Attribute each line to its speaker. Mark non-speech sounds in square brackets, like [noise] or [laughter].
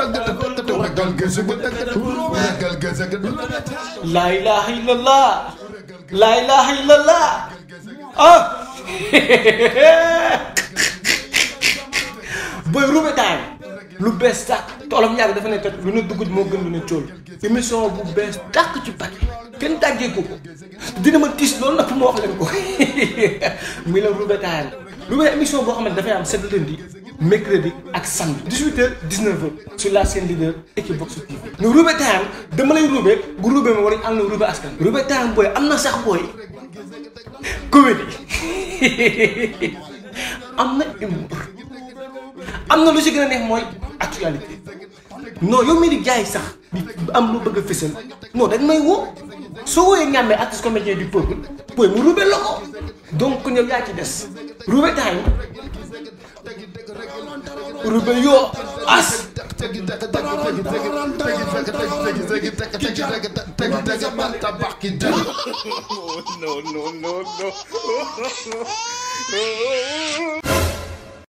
Speaker 1: laa ilaaha illallah laa ilaaha illallah ah [laughs]
Speaker 2: booy Roubé Time lu bees sax toolam yàgg dafa ne kat lu ne dugg moo gën lu ne cool émission bu bees tàkk ci pàcc kenn tàggee ko ko dina ma tiis loolu nag ma wax leen ko [laughs] muy la Roubé Time Roubé émission boo xam ne dafay am sept lundi mercredi ak samedi 18h 19h sur la chaîne leader Equivox TV ñu ruube time dama lay ruube bu ruube ma war nañu am na ruube askan ruube time booy am na sax [laughs] am na na lu si gën a neex mooy actualité non yow mii di jaay sax am lu bëgg a fësal non dañ may woo soo wooyee ñàmmee artiste comédien du peuple booy mu ruube la ko donc ñoom ci des ruube
Speaker 1: time ربيع أس [laughs] No, no, no, no. [laughs]